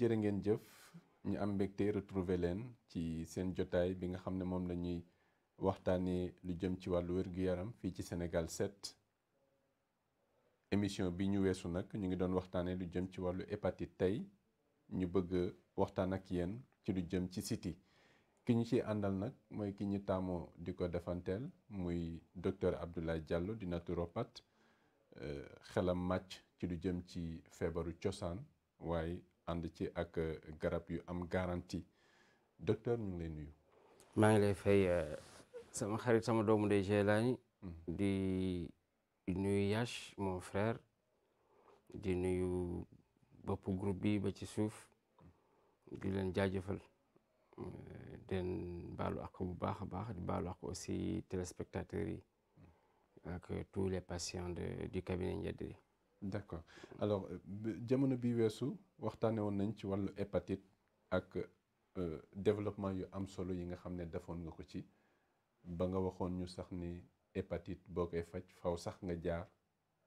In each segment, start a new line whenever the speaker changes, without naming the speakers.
yi ngeen jëf ñu am mbégte retrouver leen ci seen jotaay bi nga xam ne moom lañuy waxtaanee lu jëm ci wàllu wér-gu-yaram fii ci Sénégal set émission bi ñu weesu nag ñu ngi doon waxtaanee lu jëm ci wàllu hépatite tey ñu bëgg waxtaan ak yéen ci lu jëm ci siti ki ñu ciy àndal nag mooy ki ñu taamoo di ko defanteel muy docteur Abdoulaye Diallo di naturopathe euh, xelam màcc ci lu jëm ci feebaru cosaan waaye ànd ci ak euh, garab yu am garantie docteur ñu ngi lay nuyu. maa ngi lay
fay euh, sama xarit sama doomu day Jelani hmm. di nuyu Yash mon frère di nuyu bopp groupe bi ba ci suuf di leen jaajëfal euh, den baalu ak bu baax
a baax di baalu ak aussi téléspectateurs yi hmm. ak tous les patients de du cabinet Ndiadéri d'accord alors euh, jamono bi weesu waxtaane woon nañ ci wàllu hépatite ak euh, développement yu am solo yi nga xam ne defoon nga ko ci ba nga waxoon ñu sax ni hépatite boo koy faj faw sax nga jaar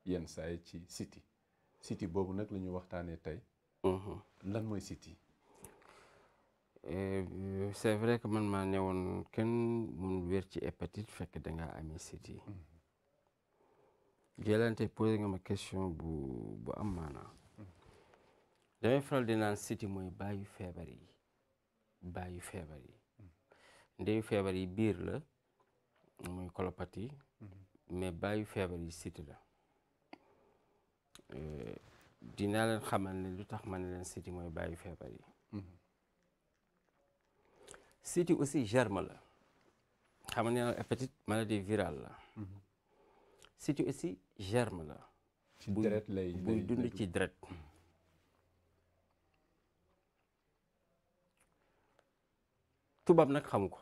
yenn saay ci siti siti boobu nag la ñu waxtaanee tey. Mhm. lan mooy siti.
Eh, c'est vrai que man maa ne woon kenn mun weer ci hépatite fekk da ngaa amee siti. Mhm. Jëlante posé nga ma question bu bu am maanaa damay faral di naan siti mooy bàyyi feebar yi bàyyi feebar yi ndeyu feebar yi biir la muy kolopati mais bàyyi feebar yi siti la eh, dinaa leen xamal ne lu tax ma ne leen siti mooy bàyyi feebar yi siti aussi germe la xam ne hépatite maladie virale la situ aussi germe la. ci deret lay buy dund ci deret. tubaab nag xamu ko.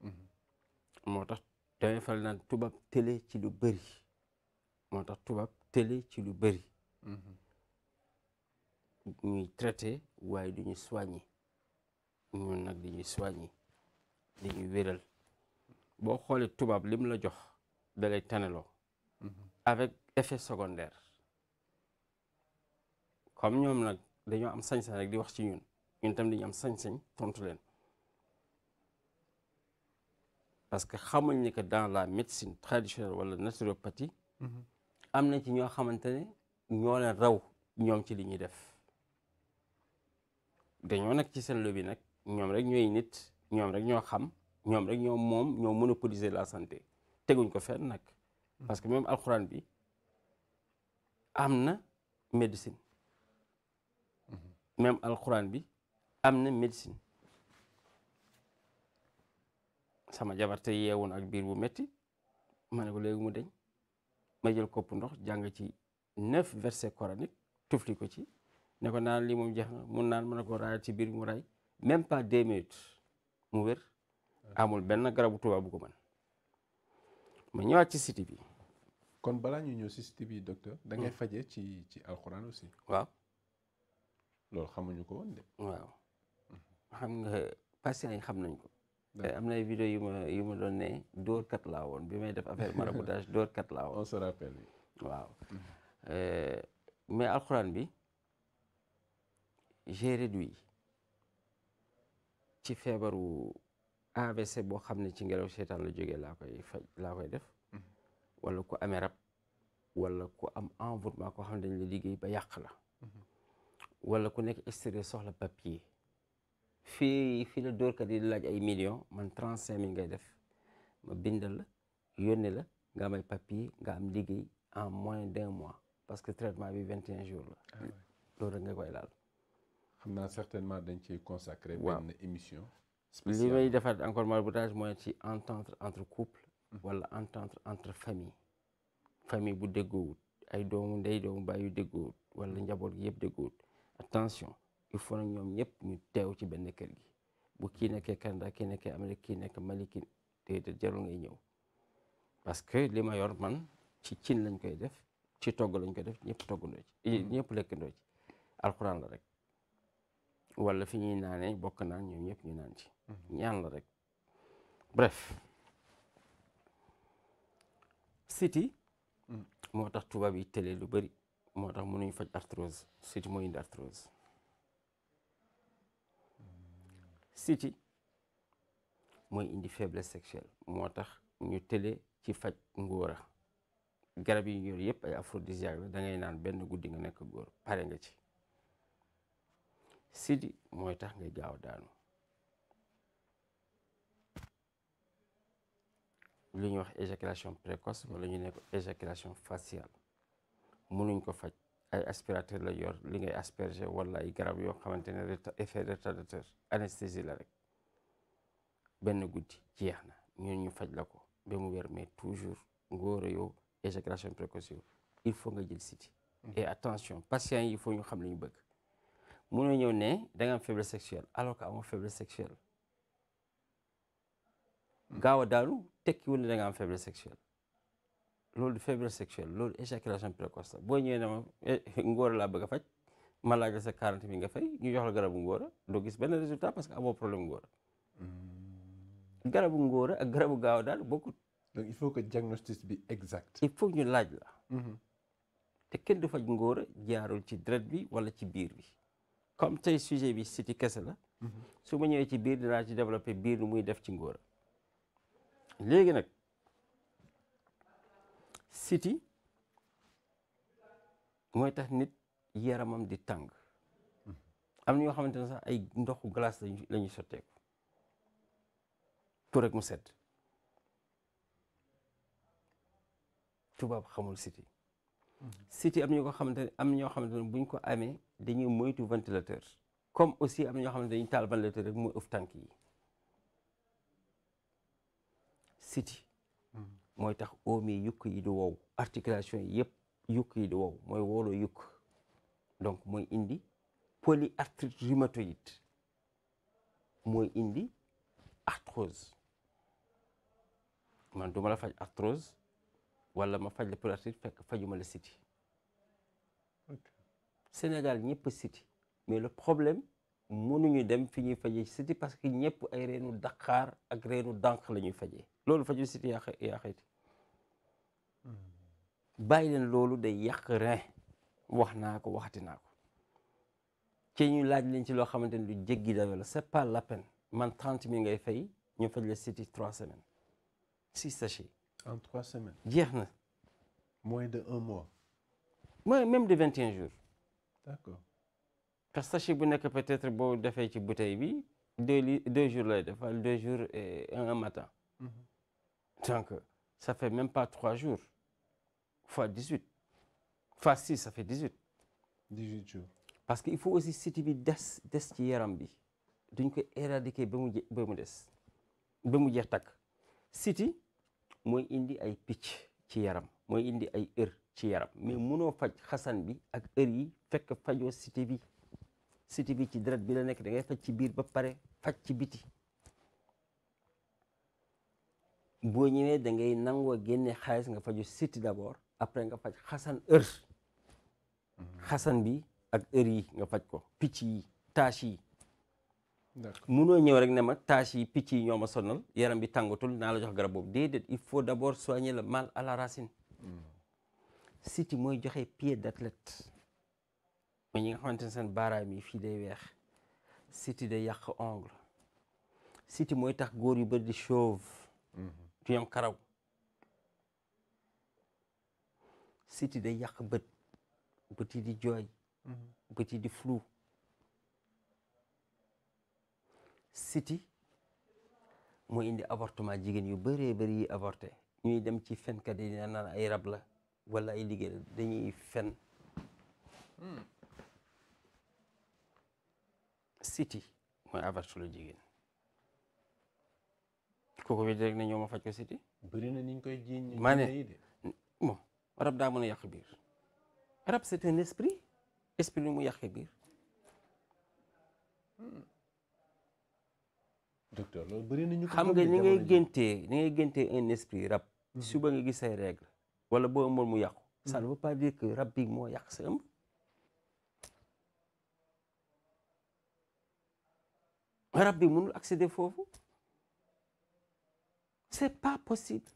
Mhm. moo tax damay faral naan tubaab télé ci lu bëri. moo tax tubaab télé ci lu bari mhm. ñuy traité waaye du ñu soigné ñun nag dañuy soigné dañuy wéral boo xoolee tubaab lim la jox dalay taneloo avec effet secondaire comme ñoom nag dañoo am sañ rek di wax ci ñun ñun dañu am sañ-sañ tontu leen parce que xamuñ ne que dans la médecine traditionnelle wala naturopathie mhm. am na ci ñoo xamante ne ñoo leen raw ñoom ci li ñuy def dañoo nag ci seen lobby nag ñoom rek ñooy nit ñoom rek ñoo xam ñoom rek ñoo moom ñoo monopoliser la santé teguñ ko feet nag parce que même alxuraan bi am na médecine. même alxuraan bi am na médecine. sama jabar te yeewoon ak biir bu métti ma ne ko léegi mu deñ ma jël kopp ndox jàng ci neuf versets coraniques tufli ko ci ne ko naan lii moom jeex na mun naan mën a ko raay ci biir mu raay même pas deux minutes mu wér amul benn garabu tubaab bu ko mën ma ñëwaat ci siti bi
kon balaa ñu ñëw si si bi docteur. da ngay mm. faje ci ci alxuraan aussi.
waaw. loolu xamuñu ko woon mm-hmm. nga patients yi xam nañ ko. am na ay vidéo yu ma yu ma doon ne door kat lawoon bi may def affaire maraboutage dóor kat laa woon. on se mm-hmm. euh, bi j'ai réduit ci feebaru ABC boo xam ne ci ngelaw seetaan la jógee laa def. wala ku amee rab wala ku am envoûtement koo xam ne dañ la liggéey ba yàq la mhm. wala ku nekk extérieur soxla papier fii fii la door yi di laaj ay million man trente cinq ngay def ma bindal la yónnee la nga am ay papier nga am liggéey en moins d'un mois parce que traitement bi vingt et un jours la ah loolu rek nga koy laal xam naa certainement dañ ciy consacrer benn émission li may defaat encore malboutage mooy ci entente entre couple Mmh. wala entente entre famille famille bu déggoowut ay doomu ndey doomu baay yu déggoowut wala mmh. njaboot gi yëpp déggoowut attention il faut nag ñoom ñëpp ñu teew ci benn kër gi bu kii mmh. nekkee Canada kii nekkee Amérique kii nekk Mali kii déedéet jarul ngay ñëw parce que li ma yor man ci cin lañ koy def ci togg lañ ko def ñëpp toggandoo ci ñëpp lekkandoo ci alxuraan la rek wala fi ñuy naanee bokk naan ñoom ñëpp ñu naan ci ñaan la rek siti mm. moo tax tubaab yi télé lu bari moo tax mënuñ faj arthrose siti mooy arthrose siti mooy indi faiblesse sexuelle moo tax ñu télé ci faj ngóora garab yi ñor yëpp ay aphrodisiaque la da ngay naan benn guddi nga nekk góor pare nga ci siti mooy tax ngay gaaw daanu li ñu wax éjaculation précoce wala ñu ne ko éjaculation faciale mënuñ ko faj ay aspirateur la yor li ngay asperger wala ay garab yoo xamante ne effet retardateur anesthésie la rek benn guddi jeex na ñun ñu faj la ko ba mu wér mais toujours ngóor a éjaculation précoce yow il faut nga jël siti et attention patients yi il faut ñu xam li ñu bëgg mënoo ñëw ne da nga am faiblesse sexuelle alors que amoo faiblesse sexuelle gaaw daanu tekkiwul ne da nga am faiblesse sexuelle loolu du faiblesse sexuelle loolu éjaculation précoce la boo ñëwee ne ma eh, ngóor laa bëgg a faj ma laaj la sa 40 bi nga fay ñu jox la garabu ngóor doo gis benn résultat parce que amoo problème ngóor hmm. garabu ngóor ak garabu gaaw daal bokkut. donc il faut que diagnostic bi exact. il faut ñu laaj la. Mm-hmm. te kenn du faj ngóor jaarul ci deret bi wala ci biir bi comme tey sujet bi siti kese la. Mm-hmm. su ma ñëwee ci biir dinaa ci développé biir nu muy def ci ngóor léegi nag siti mooy tax nit yaramam di tàng am na yoo xamante ne sax ay ndoxu glace la ñuy sotteeku pour rek mu sedd tubaab xamul siti siti am na ñoo ko ne am na ñoo xamante ne buñ ko amee dañuy moytu ventilateur comme aussi am na ñoo xamante dañuy taal ventilateur rek mu ëf tànk yi city mm. mooy tax oom yi yukk yi di wow articulation yi yëpp yukk yi di wow mooy wooloo yukk donc mooy indi polyarthrite rhumatoïde mooy indi arthrose man du ma la faj arthrose wala ma faj la polyarthrite fekk fajuma la city Sénégal ñëpp city mais le problème mënuñu dem fi ñuy fajee city parce que ñëpp ay reenu Dakar ak reenu Dànq la ñuy fajee loolu fajul siti yaa yaa xayti hmm. bàyyi leen loolu day yàq rein wax naa ko waxti naa ko ci ñu laaj leen ci loo xamante ni lu jéggi dayo la c'est pas la peine man trente mille ngay fay ñu faj la siti trois semaines six sachets
en trois semaines jeex na moins
de un mois mooy même de vingt et un jours d'accord parce que sachet bu nekk peut-être boo defee ci bouteille bi deux deux jours lay defal deux jours et un matin mm-hmm. Donc, ça fait même pas trois jours, fois 18. Fois 6, ça fait 18. 18 jours. parce que il faut aussi siti bi des des ci yaram bi duñ ko éradiquer ba mu ba mu des ba mu jeex takk siti mooy indi ay picc ci yaram mooy indi ay ër ci yaram mais mënoo faj xasan bi ak ër yi fekk fajoo siti bi siti bi ci deret bi la nekk da ngay faj ci biir ba pare faj ci biti boo ñëwee da ngay nangoo génne xaalis nga faju siti d'abord après nga faj xasan heure mhm. xasan bi ak heure yi nga faj ko picc yi tâche yi mënoo ñëw rek ne ma tâche yi picc yi ñoo ma sonal yaram bi tàngatul naa la jox garab boobu déedéet il faut d'abord soigner le mal à la racine siti mhm. mooy joxe pied d'athlète mooy ñi nga xamante seen baaraam yi fii day weex siti day yàq ongle siti mooy tax góor yu bëri di chauve mhm. tuyam karaw siti day yàq bët bët yi di jooy mm-hmm. bët yi di flou siti moo indi avortement jigéen yu bëree bëri yi avorté ñuy dem ci fenkat yi dina naan ay rabla la wala ay liggéey la dañuy fen hmm. siti mooy avorté lu jigéen kooku wéy rek ne ñoo ma faj ko siti bëri na ni ñu koy jiiñ. ma ne bon rab daa mën a yàq biir rab c'est un esprit esprit lu mu yàqee biir. Hmm. docteur bëri na xam nga ni ngay géntee ni ngay géntee un esprit rab. Hmm. suba nga gis say règle wala boo ëmboon mu yàqu. ça hmm. ne veut pas dire que rab bi moo yàq sa ëmb. rab bi mënul accéder foofu. C'est pas possible.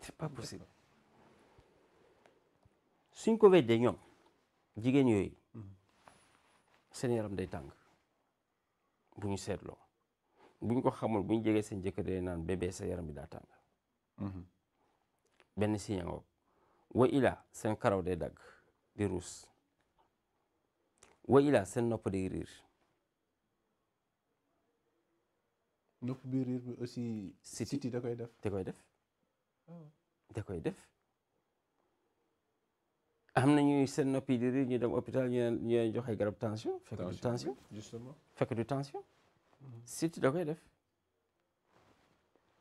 C'est suñ ko weddee ñoom jigéen yooyu seen yaram day tàng bu ñu seetloo buñ ko xamul bu ñu jegee seen jëkkër day naan bébé sa yaram bi daa tàng mhm. benn si ñangoog wa ilaa seen karaw day dagg di ruus wa ilaa seen nopp day riir.
nopp bi riir bi aussi. siti da koy def da koy def.
Oh. da koy def am na ñuy seen nopp yi di riir ñu dem hôpital ñu joxe garab tension. fekk du tension justement fekk du tension. Mhm. siti da koy def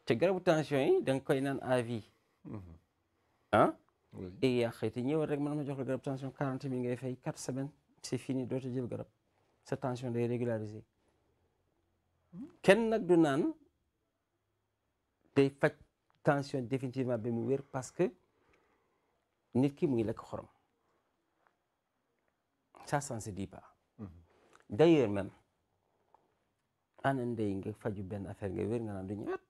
te garabu tension yi da nga koy naan à vie. Mhm. ah. oui day yàq te ñëwal ma jox la garab tension 40 mille ngay fay 4 semaines. c'est fini dootu jël garab sa tension day régulariser kenn nag du naan day faj tension définitivement ba mu wér parce que nit ki mu ngi lekk xorom ça ça ne se dit pas mm-hmm. d'ailleurs ana ndey nga faju benn affaire nga wér nga naan du ñëwaat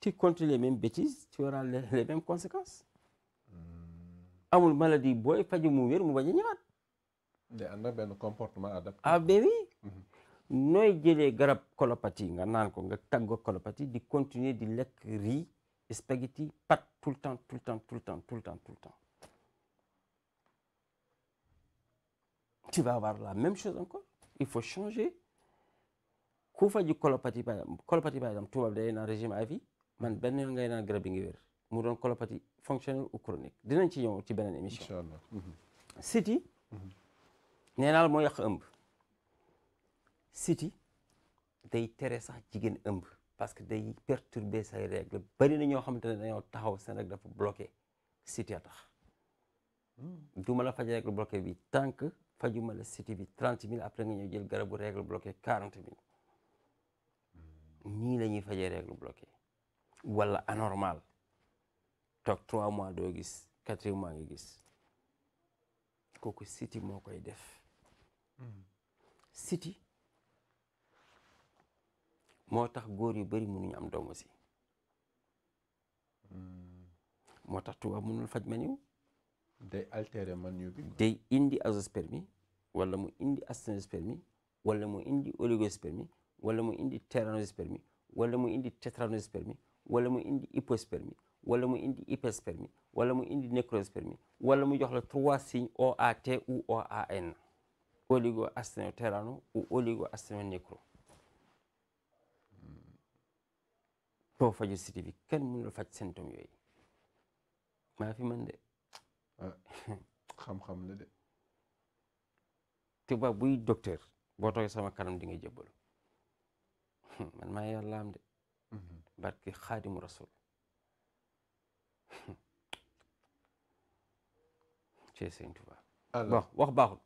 tu continues les mêmes bêtises tu auras les mêmes conséquences mm. amul maladie booy faju mu wér mu bañ a ñëwaat
day ànd ak benn comportement adapté.
ah mhm. nooy jëlee garab colopathie nga naan ko nga tàggoo colopathie di continuer di lekk rii spaghetti pâtes tout le temps tout le temps tout le temps tout le temps tout la même chose encore il faut changer ku faju colopathie par exemple colopathie par exemple tubaab day naan régime à man benn yoon naan garab bi ngi wér mu doon colopathie fonctionnelle ou chronique dinañ ci ñëw ci beneen émission. incha nee naa la moo yàq ëmb siti day tere sax jigéen ëmb parce que day perturber say règle bari na ñoo xamante ne dañoo taxaw seen rek dafa bloqué siti a tax hmm. du ma la faj règle bloqué bi tant que fajuma la siti bi trente mille après nga ñëw jël garabu règle bloqué quarante mille nii la ñuy fajee règle bloqué walla anormal toog trois mois doo gis quatre mois nga gis kooku siti moo koy def siti moo tax góor yu bari mënuñu am doom hmm. moo tax tubaab mënul faj maniw
day altérer maniw bi day
indi azoospermie walla mu indi asthénospermie wala mu indi oligospermie wala mu indi tératospermie wala mu indi tératospermie wala mu indi hypospermie wala mu indi hyperspermie wala mu indi nécrospermie wala mu jox la trois signes OAT ou OAN oligo-asténoterano ou oligo-asténonecro doo faju siti bi kenn mënul faj symptôme yooyu maa fi mën de ah, xam-xam la de tubaab buy docteur boo toogee sama kanam di nga jébbalu man maa yàlla am de mhm. barki xaadimu rasul cee sëñ tubaab bon wax baaxul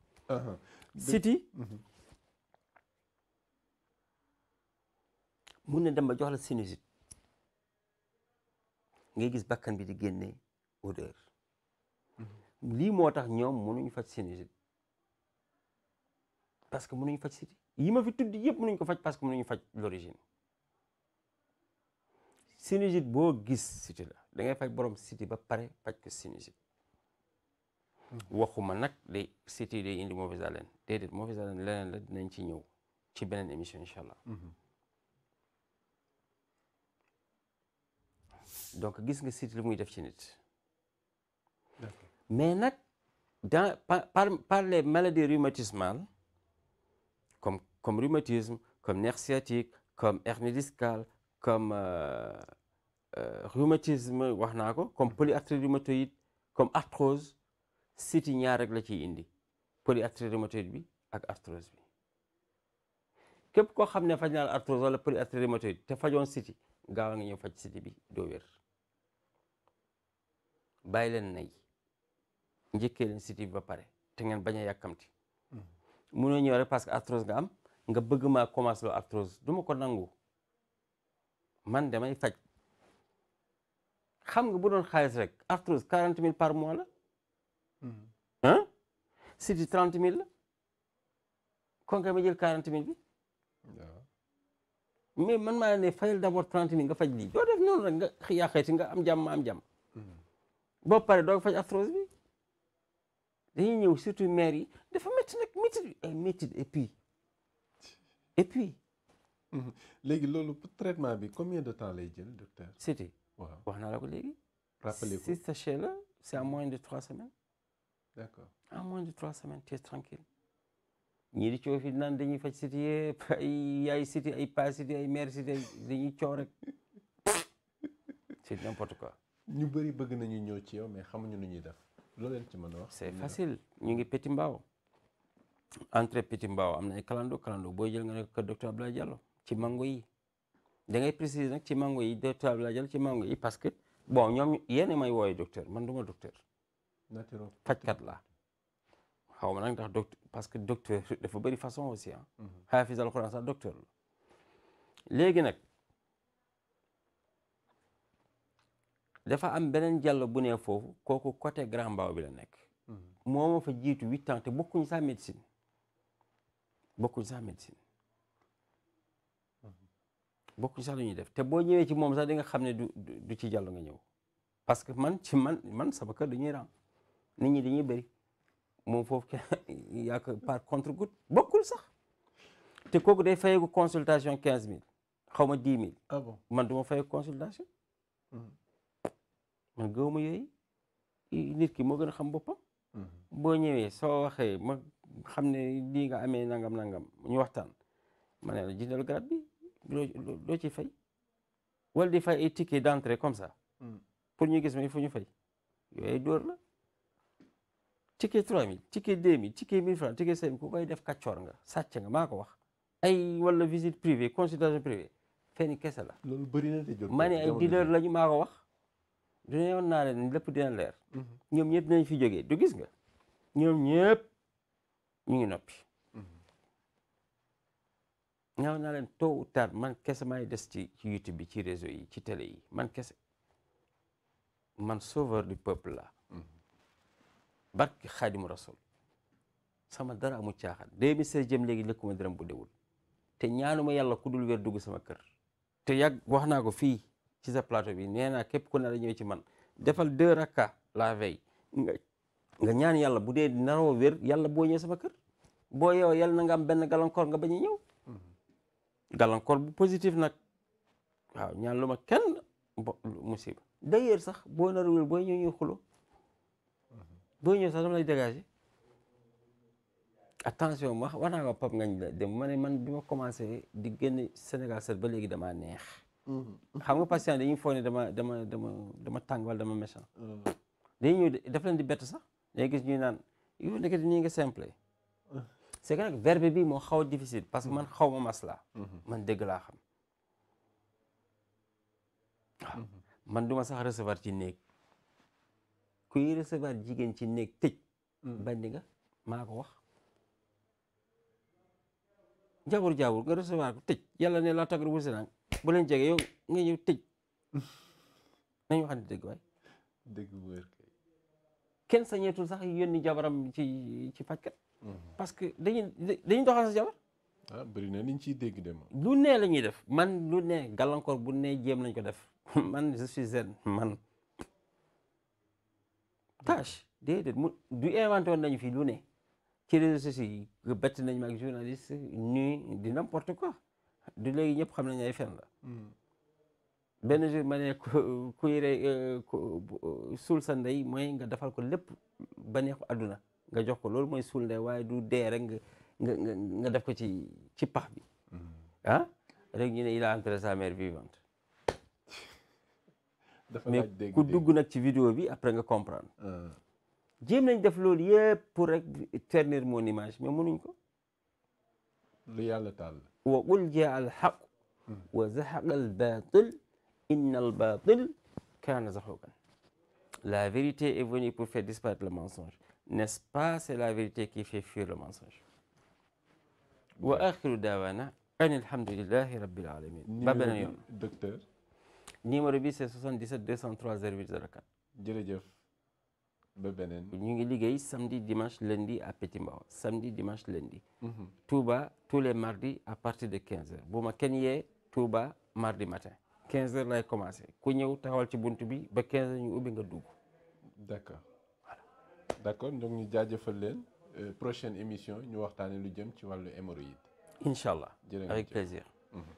siti uh-huh. mm-hmm. mun na dem ba jox la sinusite ngay gis bakkan bi di génne odeur mm-hmm. lii moo tax ñoom mënuñ faj sinusite parce que mënuñ faj siti yi ma fi tudd yëpp mënuñ ko faj parce que mënuñ faj l'origine sinusite boo gis siti la da ngay faj borom siti ba pare faj ko sinusite ma nag day site yi day indi mauvaise haleine déedéet mauvaise haleine leneen la dinañ ci ñëw ci beneen émission incha allah. Mhm. donc gis nga site li muy def ci nit. mais nag dans par par les maladies rhumatismales comme comme comme nerf sciatique comme hernie discale comme euh, euh, wax naa ko comme polyarthrite rhumatoïde comme arthrose. siti ñaar rek la ciy indi polyarthrite rhumatoïde bi ak arthrose bi képp koo xam ne faj naa la arthrose wala polyarthrite rhumatoïde te fajoon siti gaaw nga ñëw faj siti bi doo wér bàyyi leen nay njëkkee leen siti bi ba pare te ngeen bañ a yàkkamti
mm-hmm.
munoo ñëw rek parce que arthrose nga am nga bëgg maa commencé loo arthrose du ma ko nangu man damay faj xam nga bu doon xaalis rek arthrose quarante mille par mois ah site yi trente mille la kon nga ma jël quarante mille bi. mais man maa ne fay d' abord trente mille nga faj lii doo def noonu rek nga yaa xayti nga am jàmm ma am jàmm. Mm. boo pare doo faj arthrose bi dañuy ñëw surtout maire yi dafa métti nag métti ay eh, métti et puis
et mm-hmm.
léegi loolu pour traitement bi combien de temps lay jël docteur. c'était waaw wax naa la ko léegi. rappelé ko si sachet la c' est en moins de trois semaines. d'accord en moins de trois semaines tu es tranquille ñii di coow fi naan dañuy faj cité yëpp ay yaay cité ay pas cité ay mère cité dañuy coow rek
c'est n'importe quoi. ñu bëri bëgg nañu ñëw ci yow mais xamuñu nu ñuy def loolu leen ci mën a wax. c'est facile
ñu ngi Petit Mbao entre Petit Mbao am na ay kalando kalando booy nga ne ko docteur Abdoulaye Diallo ci mango yi da ngay préciser nag ci mango yi docteur Abdoulaye Diallo ci mango yi parce que bon ñoom ma may woowee docteur man du ma docteur. fajkat la xaw ma nag ndax docteur parce que docteur dafa bëri façon aussi ah mhm. xaafis alxuraan sax docteur la léegi nag dafa am beneen jàll bu ne foofu kooku côté Grand Mbao bi la nekk mhm. moo fa jiitu huit ans te bokkuñ sax médecine bokkuñ sax médecine mhm. bokkuñ sax lu ñuy def te boo ñëwee ci moom sax di nga xam ne du du ci jàll nga ñëw parce que man ci man man sama kër dañuy ram nit ñi dañuy bëri moom foofu kenn yaa ko par contre goutte bokkul sax te kooku day fayeeku consultation quinze mille xaw ma dix mille. ah man du ma fayeeku consultation. Mm-hmm. man gëwuma yooyu nit ki moo gën a xam boppam. Mm-hmm. boo ñëwee soo waxee ma xam ne lii nga amee nangam nangam ñu waxtaan ma ne la jëndal garab bi doo ci fay wal di fay ay ticket d'entrée comme ça. Mm. ñu gis ma il faut ñu fay yooyu dóor ticket 3000 ticket 2000 ticket 1000 francs ticket 5000 ku koy def kàccoor nga sàcc nga maa ko wax. ay wala visite privée consultation privée fenn kese la.
loolu bëri na te ma ne ay dealer
maa ko wax. dina yoon naa leen lépp dina leer. Mhm. ñëp ñëpp dinañ fi jógee du gis nga. ñoom ñëpp ñu ngi noppi. ñaaw mhm. naa leen tôt man kese maay des ci ci YouTube bi ci réseau yi ci télé yi man kese man sauveur du peuple la. barki xaadimu rasul sama dara amu caaxaan 2016 jëm léegi lekkuma dërëm bu dewul te ñaanuma yàlla ku dul wér dugg sama kër te yàgg wax naa ko fii ci sa plateau bi nee naa képp ku nar a ci man defal deux rakka ñaan yàlla bu dee naroo wér yàlla boo ñëw sama kër boo yow yàlla nanga am benn gàllankoor nga bañ a ñëw gàllankoor bu positif nag waaw ñaan lu ma kenn musiba d'ailleurs sax boo nar a wér boo ñëw ñuy xulo boo ñëw sax dama lay dégager attention ma wax naa ko Pape Ngagne dem ma ne man bi ma commencé di génn Sénégal set ba léegi damaa neex. Mm-hmm. xam nga patient dañuy foog ne dama dama dama dama tàng dama méchant. Mm-hmm. dañuy ñëw daf leen di bett sax day gis ñuy naan nii nga simple.
Mm-hmm.
c'est que nag verbe bi moo xaw a difficile parce que man xaw ma maslaa. man dëgg laa xam. man ma sax recevoir ci néeg. kuy recevoir jigéen ci néeg tëj mm. bandi nga maa ko wax jaabur jaabur nga recevoir ko tëj yàlla ne laa tagr bu sinaan bu leen jege yow nga ñëw tëj nañu waxante dëgg waay
dëgg wër kay
kenn sañeetul sax yónni jabaram ci ci fajkat mm-hmm. parce que da dañuy doxal sa jabar ah ciy dégg de ma lu nee la ñuy def man lu ne gàllankoor bu ne jéem nañ ko def man je suis man tâche déedéet mu du inventé woon nañu fi lu ne ci réseaux sociaux yi bett nañ ma ak journaliste ñuy di n'importe quoi du léegi ñëpp xam nañ ay fen la hmm. benn jour ma ne ku kuy rey euh, suul sa ndey mooy nga defal ko lépp baneexu àdduna nga jox ko loolu mooy suul ndey waaye du dee rek nga nga def ko ci ci pax bi hmm. ah rek ñu ne il a enterré sa mais ku dugg nag ci vidéo bi après nga comprendre. Ah. jéem nañ def loolu yëpp pour rek ternir mon image mais mënuñ ko. lu yàlla taal. wa qul jaa al xaq. Hmm. wa zahaqa al baatil. inna al baatil kaana zahuuqan. la vérité est venue pour faire disparaître le mensonge n'est-ce la vérité qui fait fuir le mensonge. wa axiru daawaana. an alhamdulillahi rabbil alamin. ba yoon numéro bi c'est 77 203 08 04. jërëjëf ba beneen. ñu ngi liggéey samedi dimanche lundi à Petit Mbao samedi dimanche lundi. Mhm. Touba tous les mardis à partir de 15h bu ma kenn yee Touba mardi matin 15h lay commencé ku ñëw taxawal ci bunt bi ba 15h ñu ubbi nga dugg.
d'accord voilà d'accord ñu jaajëfal leen euh, prochaine émission ñu waxtaanee lu jëm ci wàllu hémorroïde. incha allah avec plaisir. Mhm.